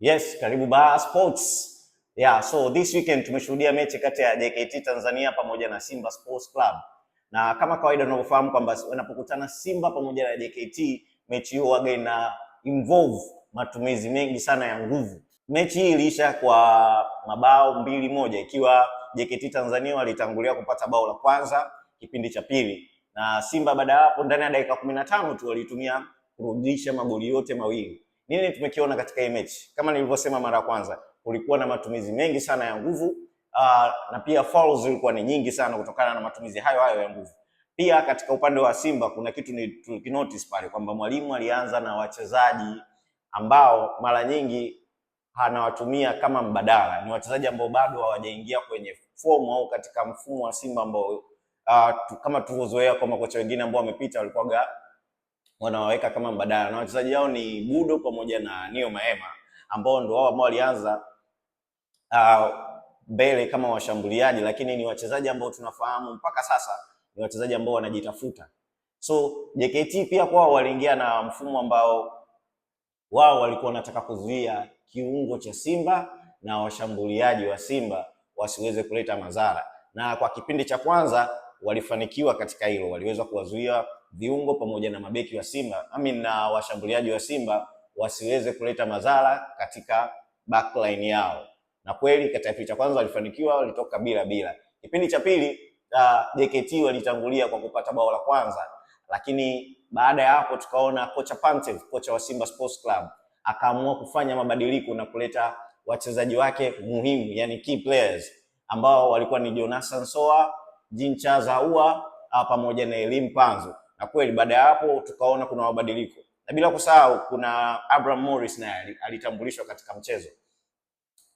Yes, karibu Baha Sports. Yeah, so this weekend tumeshuhudia mechi kati ya JKT Tanzania pamoja na Simba Sports Club, na kama kawaida tunavyofahamu kwamba wanapokutana Simba pamoja na JKT, mechi hiyo waga ina involve matumizi mengi sana ya nguvu. Mechi hii iliisha kwa mabao mbili moja, ikiwa JKT Tanzania walitangulia kupata bao la kwanza kipindi cha pili, na Simba baada ya hapo ndani ya dakika kumi na tano tu walitumia kurudisha magoli yote mawili. Nini tumekiona katika hii mechi? Kama nilivyosema mara ya kwanza, kulikuwa na matumizi mengi sana ya nguvu uh, na pia fouls zilikuwa ni nyingi sana kutokana na matumizi hayo hayo ya nguvu. Pia katika upande wa Simba kuna kitu ni tukinotice pale kwamba mwalimu alianza na wachezaji ambao mara nyingi anawatumia kama mbadala, ni wachezaji ambao bado hawajaingia kwenye fomu au katika mfumo wa Simba ambao uh, kama tulivyozoea kwa makocha wengine ambao wamepita walikuwa wanaoweka kama mbadala, na wachezaji hao ni Budo pamoja na Nio Maema ambao ndio wao ambao walianza ah, mbele kama washambuliaji, lakini ni wachezaji ambao tunafahamu mpaka sasa ni wachezaji ambao wanajitafuta. So JKT pia kwao waliingia na mfumo ambao wao walikuwa wanataka kuzuia kiungo cha Simba na washambuliaji wa Simba wasiweze kuleta madhara, na kwa kipindi cha kwanza walifanikiwa katika hilo, waliweza kuwazuia viungo pamoja na mabeki wa Simba ami na washambuliaji wa Simba wasiweze kuleta madhara katika backline yao, na kweli katika kipindi cha kwanza walifanikiwa, walitoka bila bila. Kipindi cha pili uh, JKT walitangulia kwa kupata bao la kwanza, lakini baada ya hapo tukaona kocha Pantev, kocha wa Simba Sports Club akaamua kufanya mabadiliko na kuleta wachezaji wake muhimu, yani key players ambao walikuwa ni Jonas Soa, Jincha Zaua uh, pamoja na Elim Panzo na kweli baada ya hapo tukaona kuna mabadiliko, na bila kusahau kuna Abraham Morris naye alitambulishwa katika mchezo.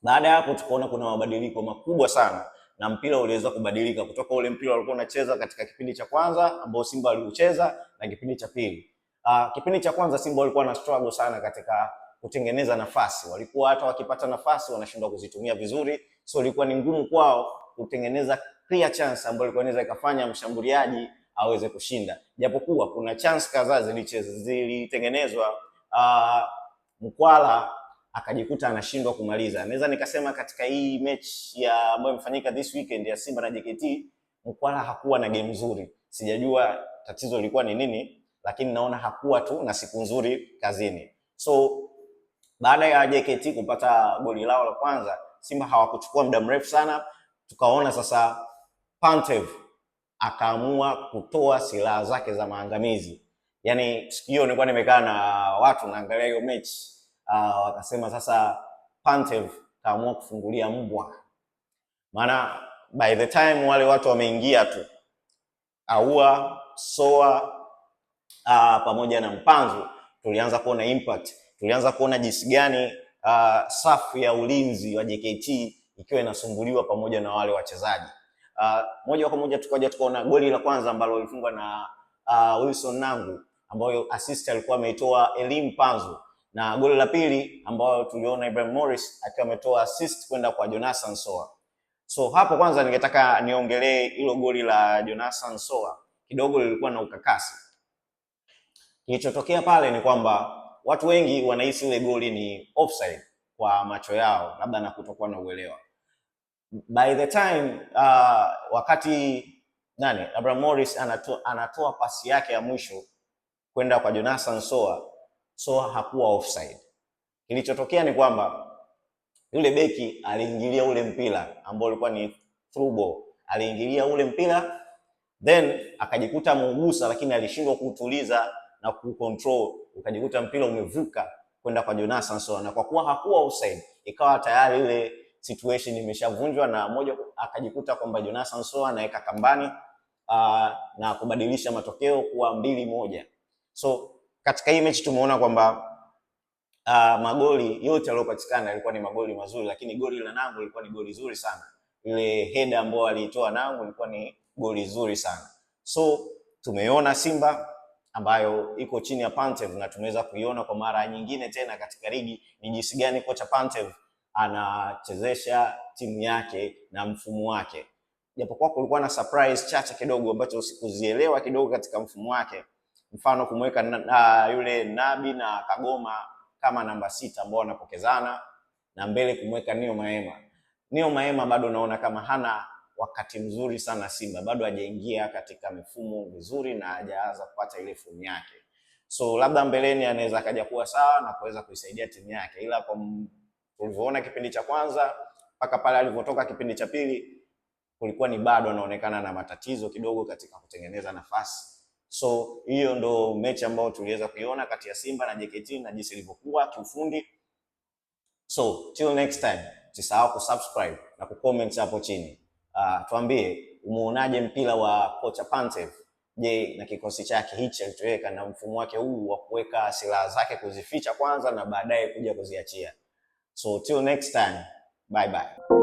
Baada ya hapo tukaona kuna mabadiliko makubwa sana na mpira uliweza kubadilika kutoka ule mpira walikuwa unacheza katika kipindi cha kwanza ambao Simba waliucheza na kipindi cha pili. Uh, kipindi cha kwanza Simba walikuwa na struggle sana katika kutengeneza nafasi, walikuwa hata wakipata nafasi wanashindwa kuzitumia vizuri, so ilikuwa ni ngumu kwao kutengeneza clear chance ambayo ilikuwa inaweza ikafanya mshambuliaji aweze kushinda, japokuwa kuna chance kadhaa zilitengenezwa uh, Mkwala akajikuta anashindwa kumaliza. Naweza nikasema katika hii mechi ya ambayo imefanyika this weekend ya Simba na JKT, Mkwala hakuwa na game nzuri. Sijajua tatizo lilikuwa ni nini, lakini naona hakuwa tu na siku nzuri kazini. So baada ya JKT kupata goli lao la kwanza, Simba hawakuchukua muda mrefu sana, tukaona sasa Pantev akaamua kutoa silaha zake za maangamizi. Yaani siku hiyo nilikuwa nimekaa na watu naangalia hiyo mechi uh, wakasema sasa Pantev kaamua kufungulia mbwa, maana by the time wale watu wameingia tu Aua Soa uh, pamoja na Mpanzu tulianza kuona impact, tulianza kuona jinsi gani uh, safu ya ulinzi wa JKT ikiwa inasumbuliwa pamoja na wale wachezaji. Uh, moja kwa moja tukaja tukaona goli la kwanza ambalo lilifungwa na uh, Wilson Nangu ambayo assist alikuwa ameitoa Elim Panzu na goli la pili ambayo tuliona Ibrahim Morris akiwa ametoa assist kwenda kwa Jonathan Soa. So hapo kwanza ningetaka niongelee hilo goli la Jonathan Soa, kidogo lilikuwa na ukakasi. Kilichotokea pale ni kwamba watu wengi wanahisi ile goli ni offside kwa macho yao, labda na kutokuwa na uelewa by the time uh, wakati nani Abraham Morris anatoa, anatoa pasi yake ya mwisho kwenda kwa Jonathan Soa, Soa hakuwa offside. Kilichotokea ni kwamba yule beki aliingilia ule mpira ambao ulikuwa ni through ball, aliingilia ule mpira then akajikuta muugusa, lakini alishindwa kuutuliza na kucontrol, ukajikuta mpira umevuka kwenda kwa Jonathan Soa, na kwa kuwa hakuwa offside, ikawa tayari ile situation imeshavunjwa na moja akajikuta kwamba Jonas Ansoa anaweka kambani uh, na kubadilisha matokeo kuwa mbili moja. So katika hii mechi tumeona kwamba uh, magoli yote yaliyopatikana yalikuwa ni magoli mazuri, lakini goli la Nangu lilikuwa ni goli zuri sana. Ile header ambayo alitoa Nangu ilikuwa ni goli zuri sana. So tumeona Simba ambayo iko chini ya Pantev na tumeweza kuiona kwa mara nyingine tena katika ligi ni jinsi gani kocha Pantev anachezesha timu yake na mfumo wake. Japokuwa kulikuwa na surprise chache kidogo ambacho sikuzielewa kidogo katika mfumo wake, mfano kumweka na, na, yule Nabi na Kagoma kama namba sita ambao wanapokezana na mbele kumweka Neo Maema. Neo Maema bado naona kama hana wakati mzuri sana Simba, bado hajaingia katika mifumo vizuri na hajaanza kupata ile fomu yake, so labda mbeleni anaweza akaja kuwa sawa na kuweza kuisaidia timu yake, ila kwa Tulivyoona kipindi cha kwanza mpaka pale alivyotoka kipindi cha pili, kulikuwa ni bado anaonekana na matatizo kidogo katika kutengeneza nafasi. So hiyo ndo mechi ambayo tuliweza kuiona kati ya Simba na JKT na jinsi ilivyokuwa kiufundi. So till next time, usisahau kusubscribe na kucomment hapo chini. Uh, tuambie umeonaje mpira wa kocha Pantev? Je, na kikosi chake hichi alichoweka na mfumo wake huu wa kuweka silaha zake kuzificha kwanza na baadaye kuja kuziachia. So till next time, bye bye.